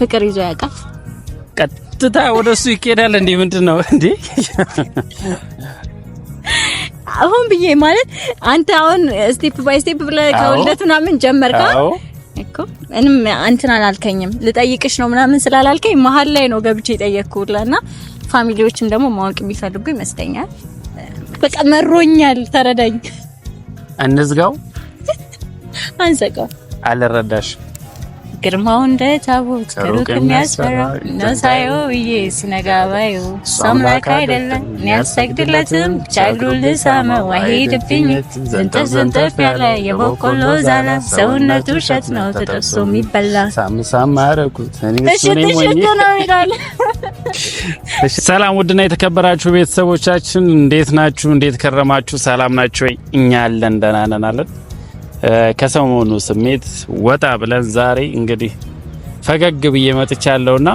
ፍቅር ይዞ ያውቃል። ቀጥታ ወደ እሱ ይኬዳል። እንዴ ምንድን ነው እንዴ? አሁን ብዬ ማለት አንተ አሁን ስቴፕ ባይ ስቴፕ ብለህ ከውልደት ምናምን ጀመርካ እኮ እንም አንተን አላልከኝም ልጠይቅሽ ነው ምናምን ስላላልከኝ መሀል ላይ ነው ገብቼ እና ፋሚሊዎችም ደግሞ ማወቅ የሚፈልጉ ይመስለኛል። በቃ መሮኛል፣ ተረዳኝ። አንዝጋው አንዘጋው አልረዳሽ ግርማው እንደ ታቦት ከሩቅ የሚያስፈራ ነው ሳየው ብዬ ሲነጋ ባየው አምላክ አይደለም ሚያሰግድለትም ቻሉ ልሳመ ዋሄድብኝ ዝንጥፍ ዝንጥፍ ያለ የበቆሎ ዛላ ሰውነቱ እሸት ነው ተጠብሶ የሚበላ ሳምሳም አረኩት እሽት እሽት ነው ይላል። ሰላም ውድና የተከበራችሁ ቤተሰቦቻችን እንዴት ናችሁ? እንዴት ከረማችሁ? ሰላም ናችሁ ወይ? እኛ አለን ደህና ነን አለን ከሰሞኑ ስሜት ወጣ ብለን ዛሬ እንግዲህ ፈገግ ብዬ መጥቻለሁና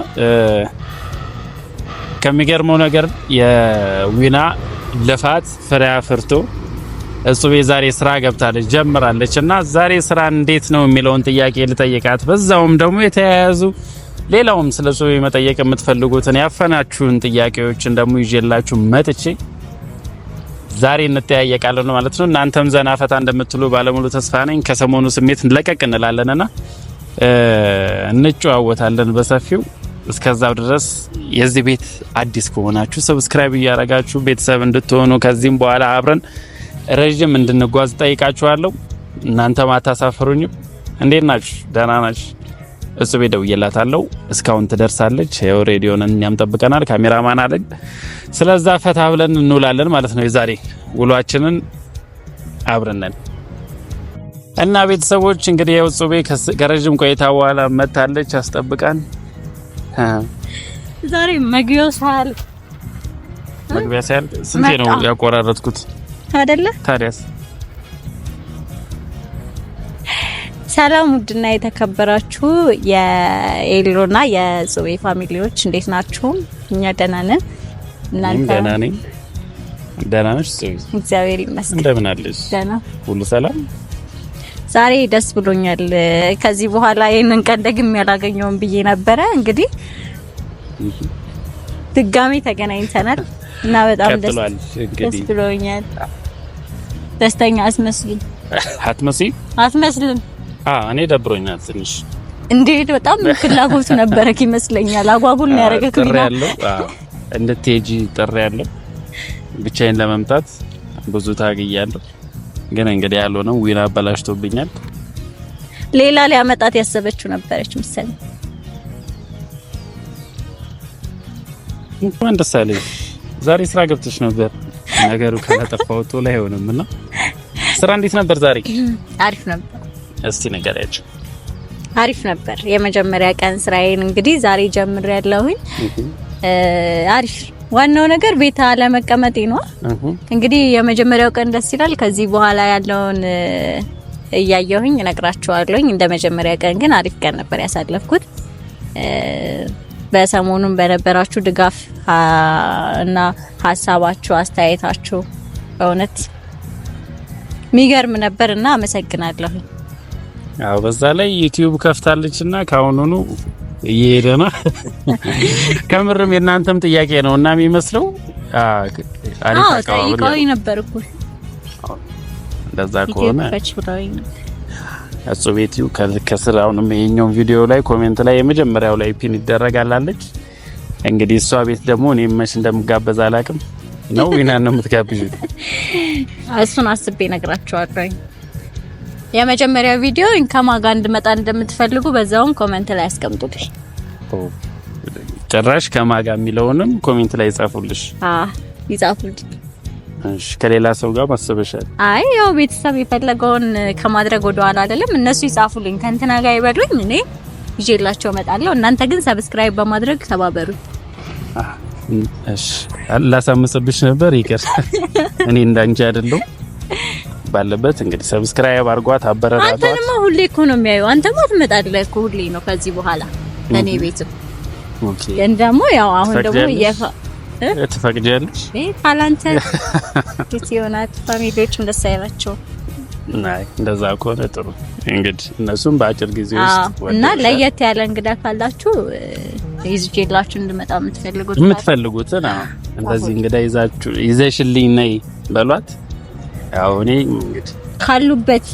ከሚገርመው ነገር የዊና ልፋት ፍሬ አፍርቶ እጹቤ ዛሬ ስራ ገብታለች ጀምራለች። እና ዛሬ ስራ እንዴት ነው የሚለውን ጥያቄ ልጠይቃት፣ በዛውም ደግሞ የተያያዙ ሌላውም ስለ እጹቤ መጠየቅ የምትፈልጉትን ያፈናችሁን ጥያቄዎችን ደግሞ ይዤላችሁ መጥቼ ዛሬ እንተያየቃለን ማለት ነው። እናንተም ዘና ፈታ እንደምትሉ ባለሙሉ ተስፋ ነኝ። ከሰሞኑ ስሜት ለቀቅ እንላለንና እንጨዋወታለን በሰፊው። እስከዛው ድረስ የዚህ ቤት አዲስ ከሆናችሁ ሰብስክራይብ እያረጋችሁ ቤተሰብ እንድትሆኑ ከዚህም በኋላ አብረን ረዥም እንድንጓዝ ጠይቃችኋለሁ። እናንተም አታሳፍሩኝም። እንዴት ናችሁ? ደህና ናችሁ? እሱ ቤት ደውዬላታለሁ። እስካሁን ትደርሳለች። ያው ሬዲዮን እኛም ጠብቀናል፣ ካሜራማን አለን። ስለዛ ፈታ ብለን እንውላለን ማለት ነው። የዛሬ ውሏችንን አብረነን እና ቤተሰቦች እንግዲህ ያው ጹቤ ከረዥም ቆይታ በኋላ መታለች። አስጠብቃን ዛሬ መግቢያው ሳል መግቢያ ሳል ስንቴ ነው ያቆራረጥኩት አይደለ ታዲያስ ሰላም ውድና የተከበራችሁ የኤሎና የጽዌ ፋሚሊዎች እንዴት ናችሁ? እኛ ደህና ነን። እናንተ ደህና ነኝ። ደህና ነሽ? እግዚአብሔር ይመስገን። እንደምን አለሽ? ደህና ሁሉ ሰላም። ዛሬ ደስ ብሎኛል። ከዚህ በኋላ ይህንን ቀን ደግሜ ያላገኘውም ብዬ ነበረ። እንግዲህ ድጋሚ ተገናኝተናል እና በጣም ደስ ብሎኛል። ደስተኛ አስመስሉኝ። አትመስልም? አትመስልም እኔ ደብሮኛል ትንሽ እንዴት በጣም ፍላጎቱ ነበረ ይመስለኛል። አጓጉል ነው ያደረገው። ጥሪ ያለው እንድትሄጂ ጥሪ ያለው ብቻዬን ለመምጣት ብዙ ታግያለሁ፣ ግን እንግዲህ ነው ዊና አበላሽቶብኛል። ሌላ ሊያመጣት ያሰበችው ነበረች ምሳሌ። እንኳን ደስ አለኝ። ዛሬ ስራ ገብተሽ ነበር። ነገሩ ካላጠፋው ቶሎ አይሆንም እና ስራ እንዴት ነበር ዛሬ? አሪፍ ነበር። እስቲ ንገሪያቸው። አሪፍ ነበር የመጀመሪያ ቀን ስራዬን። እንግዲህ ዛሬ ጀምር ያለሁኝ አሪፍ ዋናው ነገር ቤት አለመቀመጤ ነው። እንግዲህ የመጀመሪያው ቀን ደስ ይላል። ከዚህ በኋላ ያለውን እያየሁኝ እነግራቸዋለሁኝ። እንደ መጀመሪያ ቀን ግን አሪፍ ቀን ነበር ያሳለፍኩት። በሰሞኑን በነበራችሁ ድጋፍ እና ሀሳባችሁ፣ አስተያየታችሁ በእውነት የሚገርም ነበር እና አመሰግናለሁኝ። አዎ በዛ ላይ ዩቲዩብ ከፍታለችና ካሁኑኑ እየሄደ ነው። ከምርም የእናንተም ጥያቄ ነው እና የሚመስለው አሪፍ አቀባበል እንደዛ ከሆነ እሱ ቤት ከስር አሁንም ይሄኛውን ቪዲዮ ላይ ኮሜንት ላይ የመጀመሪያው ላይ ፒን ይደረጋል እንግዲህ እሷ ቤት ደግሞ እኔ መች እንደምጋበዝ አላቅም ነው። ዊናን ነው የምትጋብዥ? እሱን አስቤ ነግራቸዋለሁ። የመጀመሪያው ቪዲዮ ከማን ጋር እንድመጣ እንደምትፈልጉ በዛውም ኮመንት ላይ አስቀምጡልኝ። ጭራሽ ከማን ጋር የሚለውንም ኮሜንት ላይ ይጻፉልሽ። ይጻፉልኝ። እሺ ከሌላ ሰው ጋር ማሰበሻል? አይ ያው ቤተሰብ የፈለገውን ከማድረግ ወደ ኋላ አይደለም። እነሱ ይጻፉልኝ፣ ከእንትና ጋር ይበሉኝ፣ እኔ ይዤላቸው እመጣለሁ። እናንተ ግን ሰብስክራይብ በማድረግ ተባበሩ። እሺ ላሳምጽብሽ ነበር ይቅር። እኔ እንዳንቺ አይደለሁም። ባለበት እንግዲህ ሰብስክራይብ አርጓት፣ አበረራቷት። አንተንማ ሁሌ እኮ ነው የሚያዩ። አንተማ ትመጣለህ እኮ ሁሌ ነው ከዚህ በኋላ እኔ ቤት። ኦኬ ግን ደግሞ ያው አሁን ደግሞ እየፋ ትፈቅጃለሽ? እህ ካላንተ ግት ይሆናል። ፋሚሊዎችም ደስ አይላቸውም። ናይ እንደዛ ከሆነ ጥሩ እንግዲህ እነሱም በአጭር ጊዜ ውስጥ እና ለየት ያለ እንግዳ ካላችሁ ይዝጄላችሁ እንድመጣ የምትፈልጉት የምትፈልጉትን እንደዚህ እንግዳ ይዛችሁ ይዘሽልኝ ነይ በሏት። እኔ ካሉበት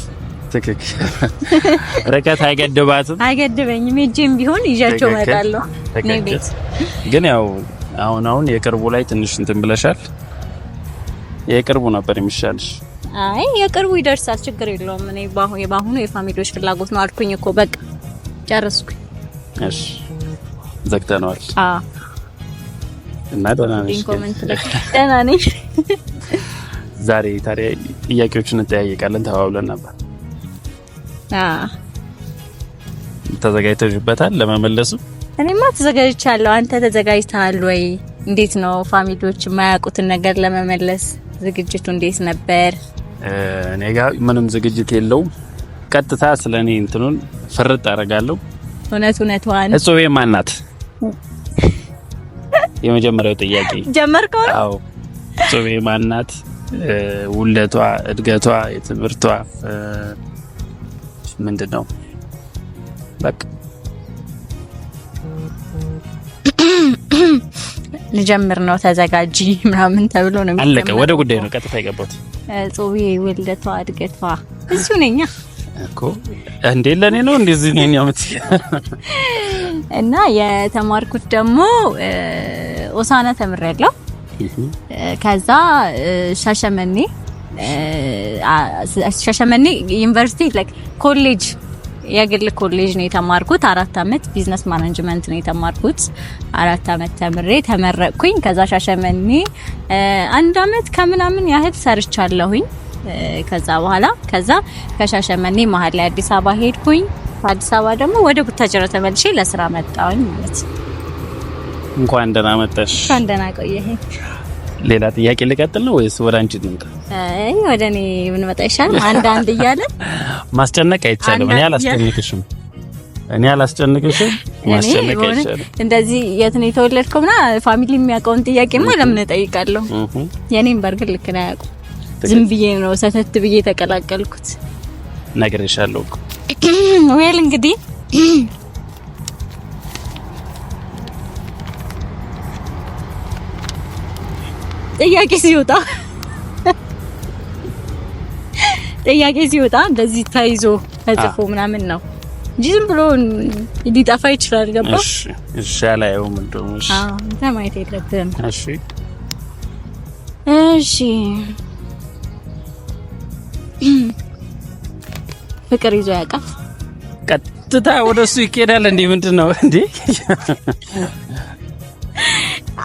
ርቀት አይገድባትም፣ አይገድበኝም። ሄጄም ቢሆን ይዣቸው እመጣለሁ። ግን ያው አሁን አሁን የቅርቡ ላይ ትንሽ እንትን ብለሻል። የቅርቡ ነበር የሚሻልሽ። አይ የቅርቡ ይደርሳል፣ ችግር የለውም። እኔ የባሁኑ የፋሚሊዎች ፍላጎት ነው አልኩኝ እኮ በቃ ጨረስኩኝ። እሺ ዘግተነዋል እና ደህና ነሽ? ደህና ነኝ። ዛሬ ታዲያ ጥያቄዎችን እንጠያየቃለን ተባብለን ነበር። ተዘጋጅተሽበታል ለመመለሱ? እኔማ ተዘጋጅቻለሁ። አንተ ተዘጋጅተሃል ወይ? እንዴት ነው ፋሚሊዎች የማያውቁትን ነገር ለመመለስ ዝግጅቱ እንዴት ነበር? እኔ ጋ ምንም ዝግጅት የለውም። ቀጥታ ስለ እኔ እንትኑን ፍርጥ አደርጋለሁ። እውነት እውነቷን እጹቤ ማናት? የመጀመሪያው ጥያቄ ጀመርከው? አዎ እጹቤ ማናት? ናት? ውለቷ፣ እድገቷ፣ የትምህርቷ ምንድን ነው በቃ ልጀምር ነው ተዘጋጂ ምናምን ተብሎ ነው አለቀ። ወደ ጉዳይ ነው ቀጥታ የገባት ጾቤ ውልደቷ እድገቷ እሱ ነኛ እኮ እንዴ ለእኔ ነው እንደዚህ ነኝ አመት እና የተማርኩት ደግሞ ኦሳና ተምሬያለሁ። ከዛ ሻሸመኔ ሻሸመኔ ዩኒቨርሲቲ ኮሌጅ የግል ኮሌጅ ነው የተማርኩት። አራት አመት ቢዝነስ ማናጅመንት ነው የተማርኩት። አራት አመት ተምሬ ተመረቅኩኝ። ከዛ ሻሸመኔ አንድ አመት ከምናምን ያህል ሰርቻለሁኝ። ከዛ በኋላ ከዛ ከሻሸመኔ መሀል ላይ አዲስ አበባ ሄድኩኝ። ከአዲስ አበባ ደግሞ ወደ ቡታጅራ ተመልሼ ለስራ መጣሁኝ ማለት ነው። እንኳን ደህና መጣሽ። እንኳን ደህና ቆየሽ። ሌላ ጥያቄ ልቀጥል ነው ወይስ ወደ አንቺ ልምጣ? አይ ወደ እኔ ብንመጣ ይሻል። አንድ አንድ እያለ ማስጨነቅ አይቻልም። እኔ አላስጨንቅሽም፣ እኔ አላስጨንቅሽም። ማስጨነቅ አይቻልም። እንደዚህ የት ነው የተወለድከው ምናምን ፋሚሊ የሚያውቀውን ጥያቄማ ለምን እጠይቃለሁ? የኔን በርግጥ ልክ ነው ያውቁ። ዝም ብዬ ነው ሰተት ብዬ ተቀላቀልኩት። ነግሬሻለሁ እኮ ዌል እንግዲህ ጥያቄ ሲወጣ ጥያቄ ሲወጣ እንደዚህ ተይዞ ተጽፎ ምናምን ነው እንጂ ዝም ብሎ ሊጠፋ ይችላል። ገባ? እሺ፣ እሺ። አላየውም እንደውም። እሺ፣ አንተ ማየት የለብህም። እሺ፣ እሺ። ፍቅር ይዞ ያውቃል። ቀጥታ ወደሱ ይኬዳል። እንዴ ምንድን ነው እንዴ?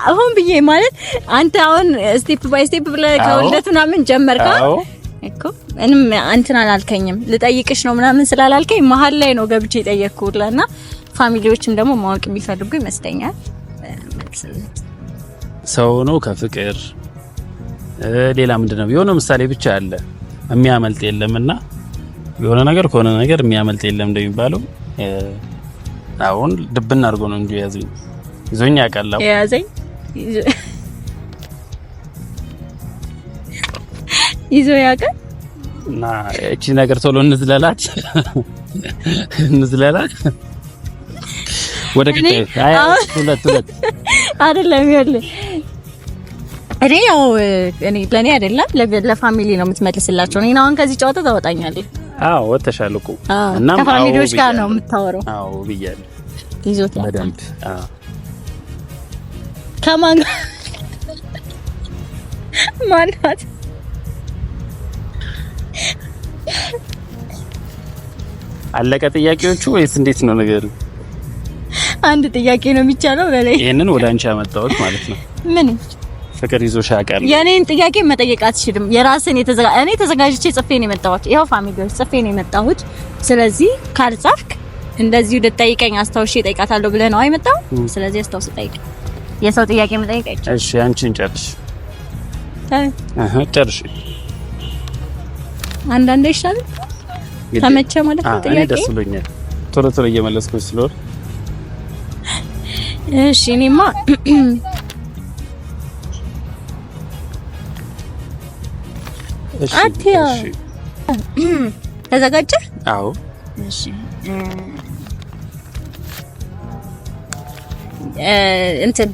አሁን ብዬ ማለት አንተ አሁን ስቴፕ ባይ ስቴፕ ብለህ ከውልደት ምናምን ጀመርከው እኮ እንም እንትን አላልከኝም ልጠይቅሽ ነው ምናምን ስላላልከኝ መሀል ላይ ነው ገብቼ የጠየቅኩላና ፋሚሊዎችም ደግሞ ማወቅ የሚፈልጉ ይመስለኛል። ሰው ነው ከፍቅር ሌላ ምንድን ነው የሆነ ምሳሌ ብቻ አለ የሚያመልጥ የለምና የሆነ ነገር ከሆነ ነገር የሚያመልጥ የለም እንደሚባለው አሁን ድብን አድርጎ ነው እንጂ ያዘኝ ይዞኝ ያቀላው ያዘኝ ይዞ ያውቃል። እና እቺ ነገር ቶሎ እንዝለላት እንዝለላት ወደ ቀጣይ አይ ሁለት ሁለት አይደለም ያለ እኔ ያው እኔ ለኔ አይደለም ለፋሚሊ ነው የምትመልስላቸው። እኔ አሁን ከዚህ ጨዋታ ታወጣኛለህ። አዎ ወተሻልኩ እና ከፋሚሊዎች ጋር ነው የምታወራው። አዎ ብያለሁ። ይዞት በደንብ አዎ ከማን ጋር ማናት? አለቀ ጥያቄዎቹ ወይስ እንዴት ነው ነገሩ? አንድ ጥያቄ ነው የሚቻለው በላይ። ይሄንን ወደ አንቺ አመጣሁት ማለት ነው። ምን ፍቅር ይዞ ያውቃል? የኔን ጥያቄ መጠየቅ አትችልም። የራስን የተዘጋ እኔ ተዘጋጅቼ ጽፌ ነው የመጣሁት። ይሄው ፋሚሊዎች ጽፌ ነው የመጣሁት። ስለዚህ ካልጻፍክ እንደዚህ ልጠይቀኝ አስታውሼ እጠይቃታለሁ ብለህ ነው አይመጣው። ስለዚህ አስታውስ ጠይቀኝ። የሰው ጥያቄ መጠየቅ አይቻልም። እሺ አንቺን ጨርሽ። አሃ ጨርሽ። አንዳንዴ ይሻል ተመቸ ማለት ነው። ጥያቄ ደስ ብሎኛል። ቶሎ ቶሎ እየመለስኩኝ ስለሆነ እሺ። እኔማ አትያ ተዘጋጀ? አዎ። እሺ እንትን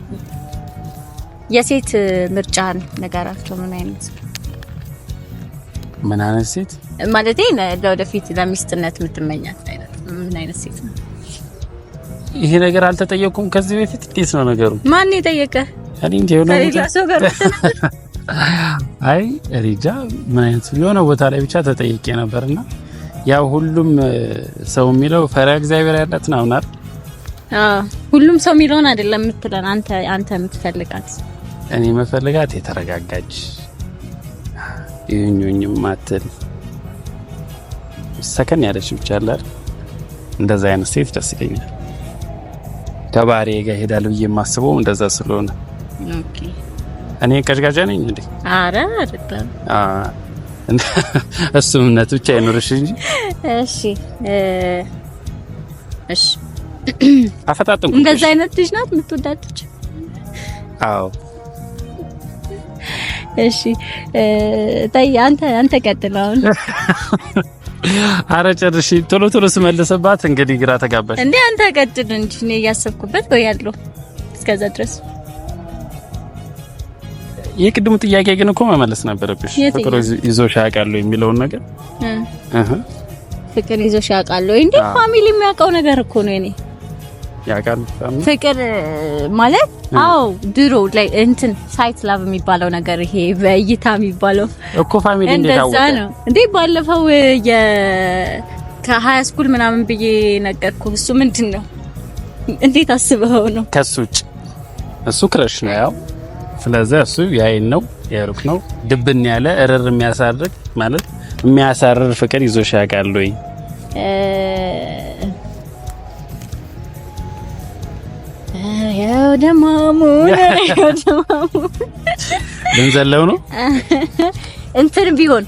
የሴት ምርጫን ነገራቸው ምን አይነት ምን አይነት ሴት ማለት ለወደፊት ለሚስትነት የምትመኛት ምን አይነት ሴት ነው? ይሄ ነገር አልተጠየቁም ከዚህ በፊት። እንዴት ነው ነገሩ? ማን የጠየቀ? የሆነ አይ ሪጃ ምን አይነት የሆነ ቦታ ላይ ብቻ ተጠየቄ ነበርና ያው ሁሉም ሰው የሚለው ፈሪሃ እግዚአብሔር ያላት ነው ሁሉም ሰው የሚለውን አይደለም የምትለን አንተ አንተ የምትፈልጋት። እኔ የምፈልጋት የተረጋጋች ይሁኝኝም ማትል ሰከን ያለች ብቻ አለ። እንደዛ አይነት ሴት ደስ ይለኛል። ተባሪ ጋ ሄዳለሁ ብዬ የማስበው እንደዛ ስለሆነ እኔ ቀዥቃዣ ነኝ እንዴ? አረ አይደለም። እሱ እምነት ብቻ አይኖርሽ እንጂ። እሺ እሺ አፈጣጥንኩ። እንደዛ አይነት ልጅ ናት የምትወዳለች። አዎ እሺ ታይ አንተ አንተ ቀጥል። አሁን አረ ጨርሺ። ቶሎ ቶሎ ስመልስባት እንግዲህ ግራ ተጋባሽ እንዴ? አንተ ቀጥል እንጂ እኔ እያሰብኩበት ወይ ያለው እስከዛ ድረስ የቅድሙ ጥያቄ ግን እኮ መመለስ ነበረብሽ። ፍቅር ይዞ ያውቃል የሚለውን ነገር ፍቅር ይዞ ያውቃል እንዴ? ፋሚሊ የሚያውቀው ነገር እኮ ነው እኔ ያውቃል ፍቅር ማለት አዎ፣ ድሮ ላይ እንትን ሳይት ላቭ የሚባለው ነገር ይሄ በእይታ የሚባለው እኮ ፋሚሊ እንደዛ ነው እንዴ። ባለፈው ከሃይ ስኩል ምናምን ብዬ ነገርኩ። እሱ ምንድን ነው እንዴት አስበው ነው? ከሱ ውጭ እሱ ክረሽ ነው ያው። ስለዚህ እሱ የአይን ነው የሩቅ ነው ድብን ያለ እርር የሚያሳርግ ማለት የሚያሳርር ፍቅር ይዞሽ ያውቃል ወይ? ወደ ማሙን ልንዘለው ነው። እንትን ቢሆን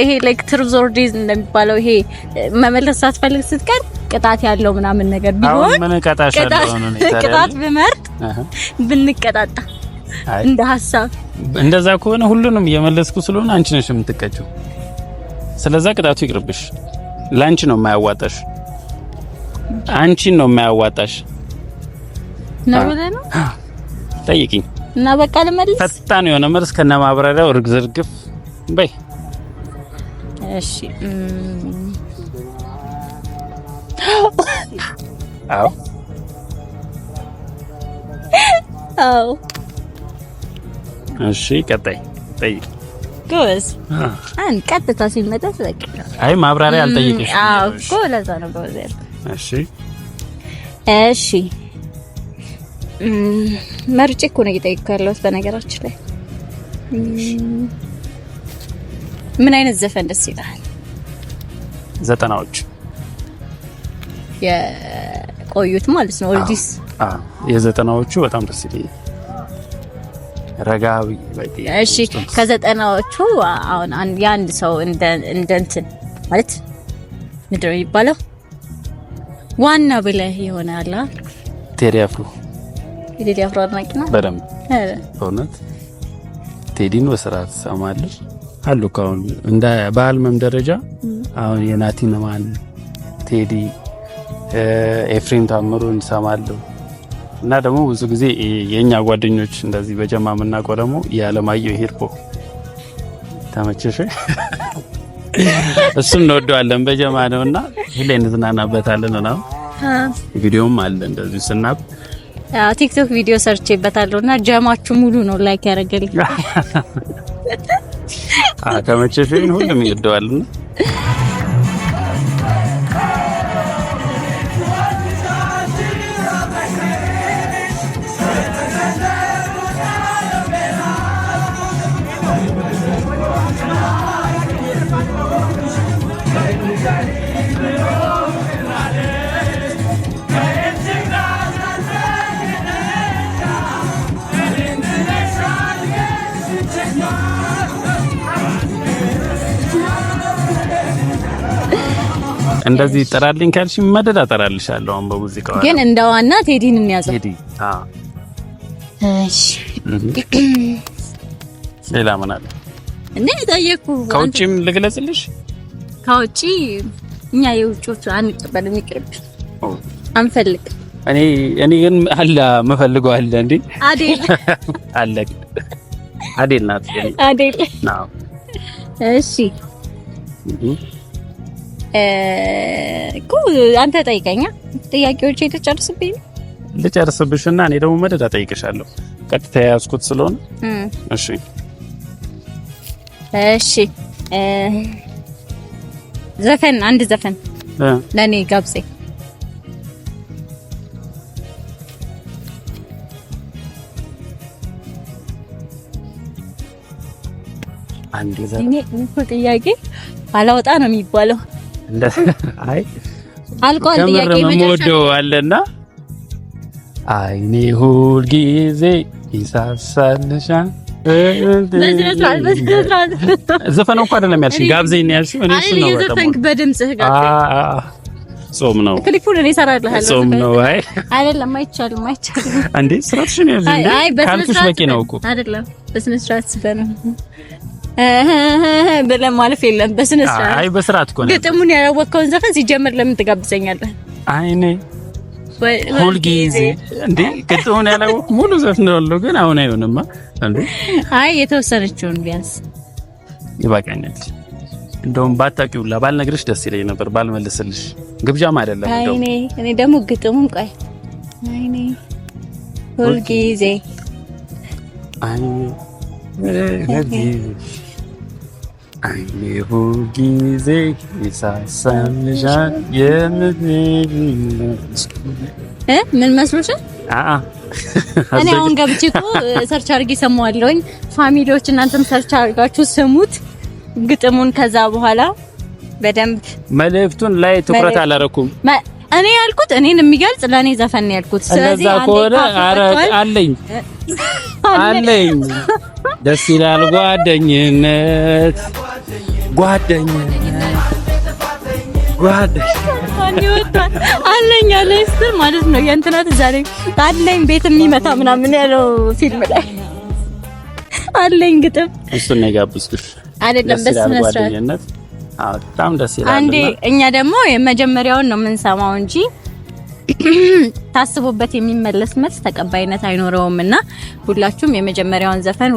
ይሄ ላይክ ትርዞርዲዝ እንደሚባለው ይሄ መመለስ ሳትፈልግ ስትቀር ቅጣት ያለው ምናምን ነገር ቢሆን ቅጣት ብመርጥ ብንቀጣጣ እንደ ሀሳብ እንደዛ ከሆነ ሁሉንም እየመለስኩ ስለሆነ አንቺ ነሽ የምትቀጭው። ስለዛ ቅጣቱ ይቅርብሽ። ለአንቺ ነው የማያዋጣሽ። አንቺን ነው የማያዋጣሽ። ነው ብለህ ነው ጠይቂኝ እና በቃ ልመልስ። ፈጣን የሆነ መልስ ከነ ማብራሪያው እርግዝ በይ። እሺ አዎ አዎ። እሺ ቀጣይ ጠይቅ። ጎበዝ አን ቀጥታ ሲመጣ ስለቅ አይ ማብራሪያ አልጠይቅሽ። አዎ እኮ ለዛ ነው ጎበዝ ያልኩት። እሺ እሺ መርጬ እኮ ነው እየጠየኩ ያለሁት። በነገራችን ላይ ምን አይነት ዘፈን ደስ ይላል? ዘጠናዎች የቆዩት ማለት ነው። ኦልዲስ የዘጠናዎቹ በጣም ደስ ይላል። ረጋዊ እሺ። ከዘጠናዎቹ አሁን የአንድ ሰው እንደ እንትን ማለት ምድር ነው የሚባለው ዋና ብለህ የሆነ አለ ቴዲ አፍሮ የቴዲ አፍሮ አድናቂ ነው። በደንብ በእውነት ቴዲን በስርዓት ሰማለሁ አሉ ካሁን እንደ በአልበም ደረጃ አሁን የናቲነማን ቴዲ፣ ኤፍሬም ታምሩ እንሰማለሁ እና ደግሞ ብዙ ጊዜ የእኛ ጓደኞች እንደዚህ በጀማ የምናውቀው ደግሞ የአለማየሁ ሂርፖ ተመቸሽ፣ እሱም እንወደዋለን በጀማ ነው እና ሁሌ እንዝናናበታለን። ቪዲዮም አለ እንደዚሁ ስናብ ቲክቶክ ቪዲዮ ሰርቼበታለሁ እና ጀማችሁ ሙሉ ነው ላይክ ያደረገልኝ። ተመቸሽኝ? ሁሉም ይወደዋልና እንደዚህ ጥራልኝ ካልሽ መደዳ እጠራልሻለሁ። አሁን በሙዚቃው ግን እንደ ዋና ቴዲን እንያዘው። ቴዲ አዎ። እሺ ሌላ ምን አለ? እኔ ጠየቅኩህ። ከውጭም ልግለጽልሽ። ከውጭ እኛ የውጮቹ አንቀበልም፣ ይቅርብ አንፈልግ። እኔ እኔ ግን አለ መፈልገው አለ እንዴ አዴል አለ አዴል ናት አዴል። ናው እሺ እኮ አንተ ጠይቀኛ። ጥያቄዎች የተጨርስብኝ ልጨርስብሽና እኔ ደግሞ መደዳ ጠይቅሻለሁ። ቀጥታ የያዝኩት ስለሆነ እሺ፣ እሺ። ዘፈን አንድ ዘፈን ለኔ ጋብዜ። አንድ ዘፈን ጥያቄ ባላወጣ ነው የሚባለው። አይ አልቋል። ጥያቄ የምወደው አለና አይኔ ሁልጊዜ ይሳሳልሻ ዘፈነው እኮ አይደለም ያልሽኝ፣ ጋብዘኝ ነው እኔ እሱ ነው ዘፈንክ በድምጽህ ጋር ጾም ነው ክሊፑን እኔ እሰራልሃለሁ። ጾም ነው አይ አይደለም፣ አይቻልም፣ አይቻልም። እንዴ ስራሽን ያልሽኝ አይ በስነ በቂ ነው እኮ አይደለም፣ በስነ ስርዓት ስለ ብለን ማለፍ የለም። በስነ ስርዓት አይ፣ በስርዓት እኮ ነው። ግጥሙን ያላወቅከውን ዘፈን ሲጀምር ለምን ትጋብዘኛለህ? አይኔ እኔ ሁልጊዜ እንዴ ግጥሙን ያላወቅኩ ሙሉ ዘፈን ነው፣ ግን አሁን አይሆንማ። እንዴ አይ፣ የተወሰነችውን ቢያንስ ይበቃኛል። እንደውም ባታውቂው ሁላ ባልነግርሽ ደስ ይለኝ ነበር፣ ባልመልስልሽ ግብዣም አይደለም። አይኔ እኔ ደግሞ ግጥሙን ቆይ አይ እኔ ሁልጊዜ አይ አይኔሁ ጊዜ ይሳሳምሻል የምትነግሪኝ ምን መስሎሻል? እኔ አሁን ገብቼ እኮ ሰርች አድርጌ ሰማዋለሁኝ። ፋሚሊዎች እናንተም ሰርች አድርጋችሁ ስሙት ግጥሙን። ከዛ በኋላ በደንብ መልእክቱን ላይ ትኩረት አላረኩም። እኔ ያልኩት እኔን የሚገልጽ ለእኔ ዘፈን ያልኩት። ስለዚህ ከሆነ አለኝ አለኝ ደስ ይላል ጓደኝነት ጓደኛ አለኝ አለኝ ስትል ማለት ነው የእንትናት ዛሬ አለኝ አለኝ ቤት የሚመታ ምናምን ያለው ፊልም ላይ አለኝ ግጥም እሱን ነው የጋብዝኩሽ አይደለም በስነ ስርዓት በጣም ደስ ይላል። አንዴ እኛ ደግሞ የመጀመሪያውን ነው የምንሰማው እንጂ ታስቦበት የሚመለስ መልስ ተቀባይነት አይኖረውም እና ሁላችሁም የመጀመሪያውን ዘፈን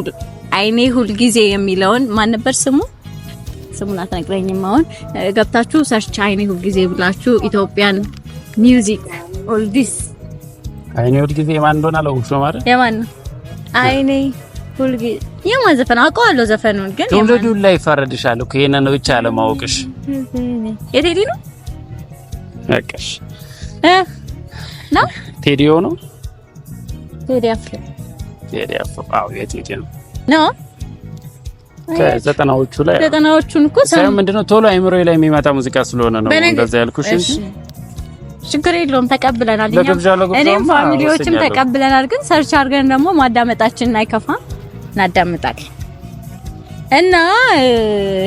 አይኔ ሁልጊዜ የሚለውን ማን ነበር ስሙ? ስሙን አትነግረኝም አሁን ገብታችሁ ሰርች አይኔ ሁልጊዜ ብላችሁ ኢትዮጵያን ሚውዚክ ኦልዲስ አይኔ ሁልጊዜ የማን እንደሆነ አላወቅሽው ነው ማለት የማን ነው አይኔ ሁልጊዜ የማን ዘፈን አውቀዋለሁ ዘፈኑን ግን ትውልዱ ላይ ይፈረድሻል እኮ ይሄንን ነው ብቻ አለማወቅሽ የቴዲ ነው በቃሽ እ ነው ቴዲዮ ነው ቴዲ አፍሮ ቴዲ አፍሮ አዎ የቴዲ ነው ነው ዘጠናዎቹ ላይ ዘጠናዎቹን እኮ ሳይሆን ምንድነው ቶሎ አይምሮ ላይ የሚመጣ ሙዚቃ ስለሆነ ነው እንደዛ ያልኩሽ ችግር የለውም ተቀብለናል። እኔም ፋሚሊዎችም ተቀብለናል። ግን ሰርች አድርገን ደግሞ ማዳመጣችንን አይከፋም፣ እና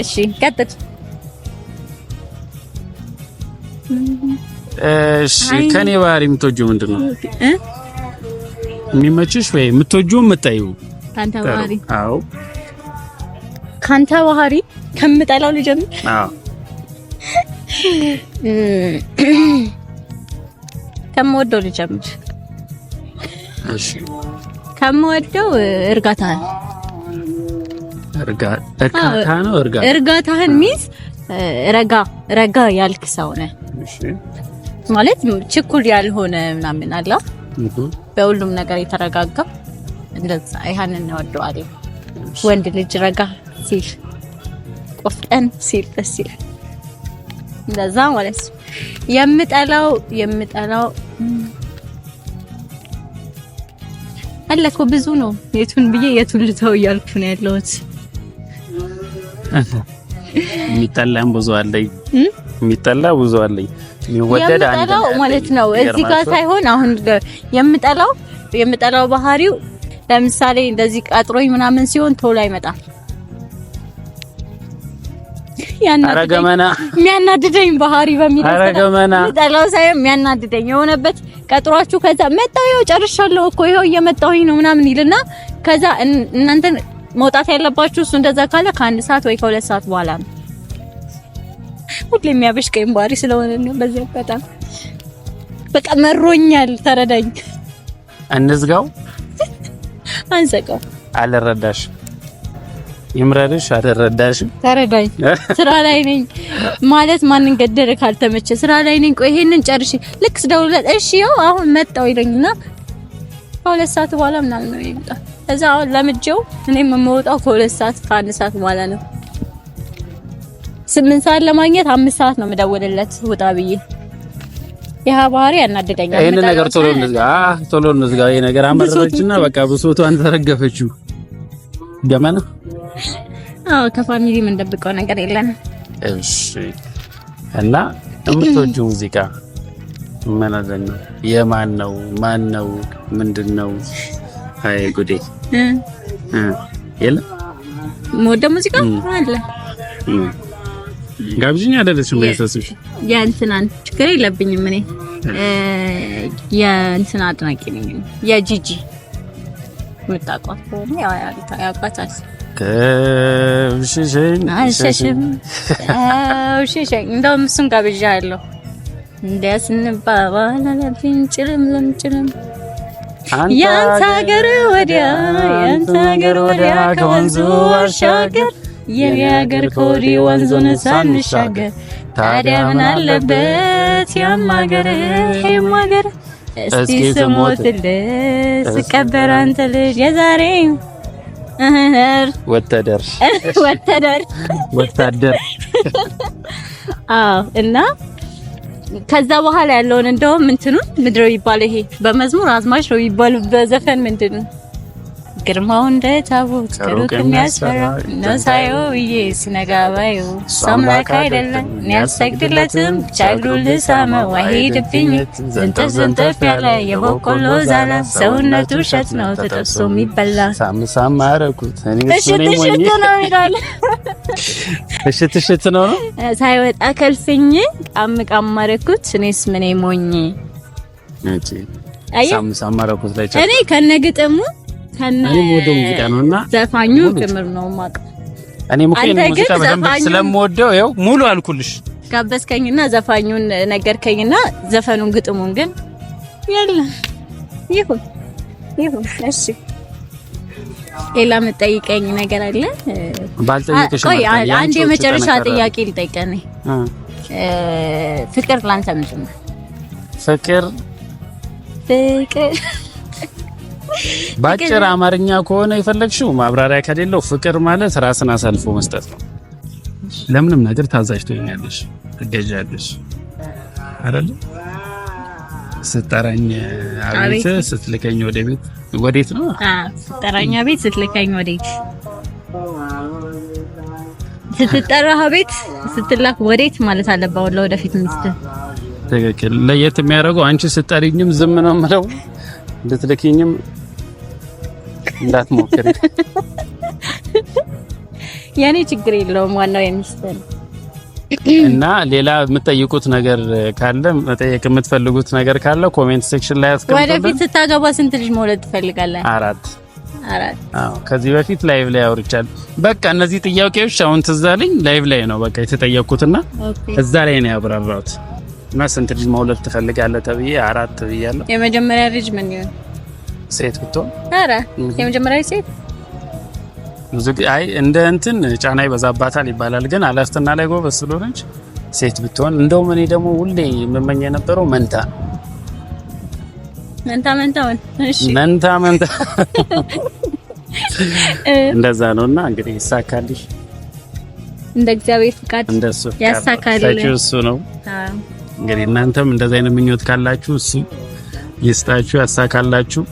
እሺ፣ ቀጥል። እሺ፣ ከኔ ባህሪ የምትወጂው ምንድን ነው? የሚመችሽ ወይ የምትወጂው ባህሪ? አዎ ካንተ ባህሪ ከምጠላው ልጀምር። ከምወደው ልጀምር። እሺ፣ ከምወደው እርጋታ እርጋታ ነው። እርጋታ እርጋታህን ሚስ ረጋ ረጋ ያልክ ሰው ነህ ማለት ችኩል ያልሆነ ምናምን አለ በሁሉም ነገር የተረጋጋ እንደዛ። ይሄንን ነው ወደዋለሁ ወንድ ልጅ ረጋ ሲል ቆፍጠን ሲል ደስ ይላል። እንደዛ ማለት ነው። የምጠላው የምጠላው አለ እኮ ብዙ ነው። የቱን ብዬ የቱን ልተው እያልኩ ነው ያለሁት። የሚጠላም ብዙ አለኝ፣ የሚጠላ ብዙ አለኝ። የሚወደድ አንድ ማለት ነው። እዚህ ጋር ሳይሆን አሁን የምጠላው የምጠላው ባህሪው ለምሳሌ እንደዚህ ቀጥሮኝ ምናምን ሲሆን ቶሎ አይመጣም። የሚያናድደኝ ባህሪ በሚለው ጠላው ሳይሆን የሚያናድደኝ የሆነበት ቀጥሯችሁ ከዛ መጣሁ ይኸው ጨርሻለሁ እኮ ይኸው እየመጣሁኝ ነው ምናምን ይልና ከዛ እናንተን መውጣት ያለባችሁ እሱ እንደዛ ካለ ከአንድ ሰዓት ወይ ከሁለት ሰዓት በኋላ ነው። ሁሌ የሚያበሽቀኝ ባህሪ ስለሆነ ነው። በዚህ በጣም በቃ መሮኛል። ተረዳኝ። እንዝጋው፣ አንዘጋው። አልረዳሽም ይምረልሽ አልረዳሽም። ተረዳኝ። ስራ ላይ ነኝ ማለት ማንን ገደለ ካልተመቸ ስራ ላይ ነኝ። ቆይ ይሄንን ጨርሽ ልክ ስደውልለት እሺ ያው አሁን መጣው ይለኝና ከሁለት ሰዓት በኋላ ምናምን ነው ይምጣ። እዛ አሁን ለምጄው እኔም የምወጣው ከሁለት ሰዓት ከአንድ ሰዓት በኋላ ነው። ስምንት ሰዓት ለማግኘት አምስት ሰዓት ነው የምደውልለት ውጣ ብዬ ይህ ባህሪ ያናደደኛል። ይሄን ነገር ቶሎ እንዝጋ፣ ቶሎ እንዝጋ። ይሄ ነገር አመረረችና በቃ ብሶቷን ተረገፈችው ገመና አዎ ከፋሚሊ የምንደብቀው ነገር የለን። እሺ። እና የምትወጁ ሙዚቃ ምን አለ ነው? የማን ነው? ማን ነው? ምንድን ነው? አይ ጉዴ! እ የለም የምወደው ሙዚቃ አለ። ጋብዥኝ አይደለሽም የሚያሳስብሽ? የእንትናን ችግር የለብኝም እኔ የእንትና አድናቂ ነኝ። የጂጂ ወጣቋ ያውቃታል ተውሽሸኝ አልሸሽም ተውሽሸኝ። እንደውም እሱን ጋብዣለሁ እንዲያ ስንባባል አለብኝ ያንተ ሀገር ወዲያ ያንተ ሀገር ወዲያ ከወንዙ አሻገር የኔ ሀገር ከወዲህ ወንዙን ሳንሻገር ታዲያ ምን አለበት ያም ሀገር ሀገር እስቲ ስሞትልህ ስቀበር አንተ ልጅ የዛሬ ወታደር ወታደር ወታደር አዎ። እና ከዛ በኋላ ያለውን እንደውም እንትኑን ምድረው ይባል ይሄ በመዝሙር አዝማች ነው ይባል በዘፈን ምንድነው ግርማው እንደ ታቦት ከሩቅ የሚያስፈራ ነው ሳየው ብዬ ሲነጋ ባየው እሱ አይደለም ሚያሰግድለትም አልሰግድለትም ቻግሉ ልሳመው አይሄድብኝ ዘንጠፍ ዝንጥፍ ያለ የበቆሎ ዛላ ሰውነቱ እሸት ነው ተጠብሶ የሚበላ ሳምሳም አረኩት እሽት እሽት ነው ይላል። እሽት እሽት ነው ነው ሳይወጣ ከልፍኝ ቃም ቃም አረኩት እኔስ ምን ሞኝ ሳምሳም አረኩት ላይ እኔ ከነግጥሙ ከነ ሙዚቃ ነውና ዘፋኙ ክምር ነው ማቅ እኔ ሙዚቃ በደንብ ስለምወደው ያው ሙሉ አልኩልሽ። ጋበዝከኝና ዘፋኙን ነገርከኝና ዘፈኑን ግጥሙን ግን የለም። ይሁን ይሁን፣ እሺ። ሌላ የምጠይቀኝ ነገር አለ? ባልጠይቅሽ አንድ የመጨረሻ ጥያቄ ልጠይቀኝ። ፍቅር ላንተ ምንድን ነው? ፍቅር ፍቅር ባጭር አማርኛ ከሆነ የፈለግሽው ማብራሪያ ከሌለው ፍቅር ማለት ራስን አሳልፎ መስጠት ነው። ለምንም ነገር ታዛዥ ትሆኛለሽ፣ ትገዣለሽ አይደል? ስጠራኝ አቤት፣ ስትልከኝ ወደ ቤት ወዴት ነው? ስጠራኝ አቤት፣ ስትልከኝ ወዴት ስትጠራህ ቤት ስትላክ ወዴት ማለት አለባት። ወላ ወደፊት ሚስት ትክክል። ለየት የሚያደርገው አንቺ ስጠሪኝም ዝም ነው የምለው ልትልኪኝም እንዳትሞክሪ። የኔ ችግር የለውም ዋናው የሚስት እና ሌላ የምትጠይቁት ነገር ካለ መጠየቅ የምትፈልጉት ነገር ካለ ኮሜንት ሴክሽን ላይ አስቀምጡልን። ወደፊት ስታገባ ስንት ልጅ መውለድ ትፈልጋለን? አራት አራት። ከዚህ በፊት ላይቭ ላይ አውርቻለሁ። በቃ እነዚህ ጥያቄዎች አሁን ትዝ ላይቭ ላይ ነው በቃ የተጠየቅኩትና እዛ ላይ ነው ያብራራሁት። እና ስንት ልጅ መውለድ ትፈልጋለህ ተብዬ አራት ብያለሁ። የመጀመሪያ ልጅ ምን ይሆን? ሴት ብትሆን አረ የመጀመሪያ ሴት አይ እንደ እንትን ጫና ይበዛባታል ይባላል። ግን አላስተና ላይ ጎበዝ ስለሆነች ሴት ብትሆን እንደውም እኔ ደግሞ ሁሌ የምመኝ የነበረው መንታ መንታ መንታ ወን መንታ መንታ እንደዛ ነው። እና እንግዲህ ይሳካልሽ፣ እንደ እግዚአብሔር ፍቃድ እንደሱ ያሳካልሽ እሱ ነው። እንግዲህ እናንተም እንደዛ አይነት ምኞት ካላችሁ እሱ ይስጣችሁ፣ ያሳካላችሁ።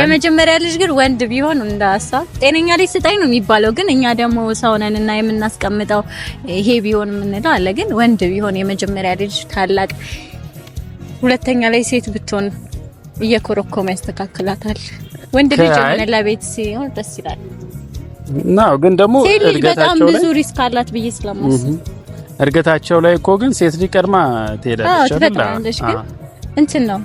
የመጀመሪያ ልጅ ግን ወንድ ቢሆን እንዳሳ ጤነኛ ልጅ ስጠኝ ነው የሚባለው። ግን እኛ ደግሞ ሰው ነን እና የምናስቀምጠው ይሄ ቢሆን የምንለው አለ። ግን ወንድ ቢሆን የመጀመሪያ ልጅ ታላቅ፣ ሁለተኛ ላይ ሴት ብትሆን እየኮረኮመ ያስተካክላታል። ወንድ ልጅ ሆነ ቤት ሲሆን ደስ ይላል። ናው ግን ደግሞ በጣም ብዙ ሪስክ አላት ብዬ ስለማስብ እድገታቸው ላይ እኮ ግን ሴት ልጅ ቀድማ ትሄዳለች ግን እንትን ነው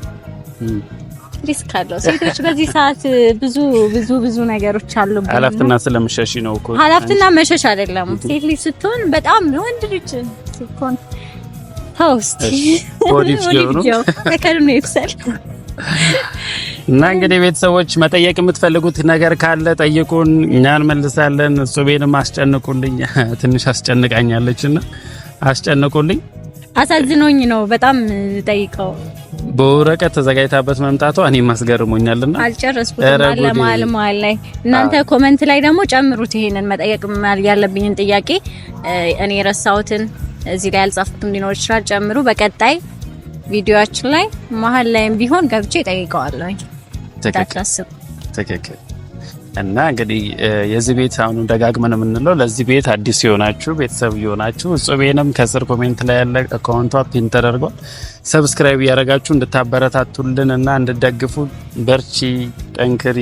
ሪስክ አለው። ሴቶች በዚህ ሰዓት ብዙ ብዙ ብዙ ነገሮች አሉ። ሀላፍትና ስለመሸሽ ነው እኮ ሀላፍትና መሸሽ አይደለም። ሴት ልጅ ስትሆን በጣም ወንድ ልጅ ስትሆን ሆስት እና እንግዲህ ቤተሰቦች መጠየቅ የምትፈልጉት ነገር ካለ ጠይቁን፣ እኛ እንመልሳለን። ቤንም አስጨንቁልኝ፣ ትንሽ አስጨንቃኛለችና አስጨንቁልኝ። አሳዝኖኝ ነው በጣም ጠይቀው በወረቀት ተዘጋጅታበት መምጣቷ እኔ ማስገርሞኛልና አልጨረስኩትም አለ ማል መሀል ላይ እናንተ ኮመንት ላይ ደግሞ ጨምሩት። ይሄንን መጠየቅ ያለብኝን ጥያቄ እኔ የረሳሁትን እዚህ ላይ ያልጻፍኩትም ሊኖር ይችላል። ጨምሩ። በቀጣይ ቪዲዮአችን ላይ መሀል ላይም ቢሆን ገብቼ ጠይቀዋለሁ። ትክክል ትክክል። እና እንግዲህ የዚህ ቤት አሁኑ ደጋግመን የምንለው ለዚህ ቤት አዲስ የሆናችሁ ቤተሰብ የሆናችሁ እጹቤንም ከስር ኮሜንት ላይ ያለ አካውንቷ ፒን ተደርጓል፣ ሰብስክራይብ እያደረጋችሁ እንድታበረታቱልን እና እንድደግፉ በርቺ ጠንክሪ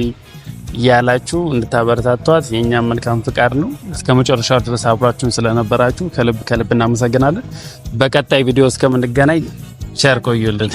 እያላችሁ እንድታበረታቷት የእኛም መልካም ፍቃድ ነው። እስከ መጨረሻው ድረስ አብሯችሁን ስለነበራችሁ ከልብ ከልብ እናመሰግናለን። በቀጣይ ቪዲዮ እስከምንገናኝ ቸር ቆዩልን።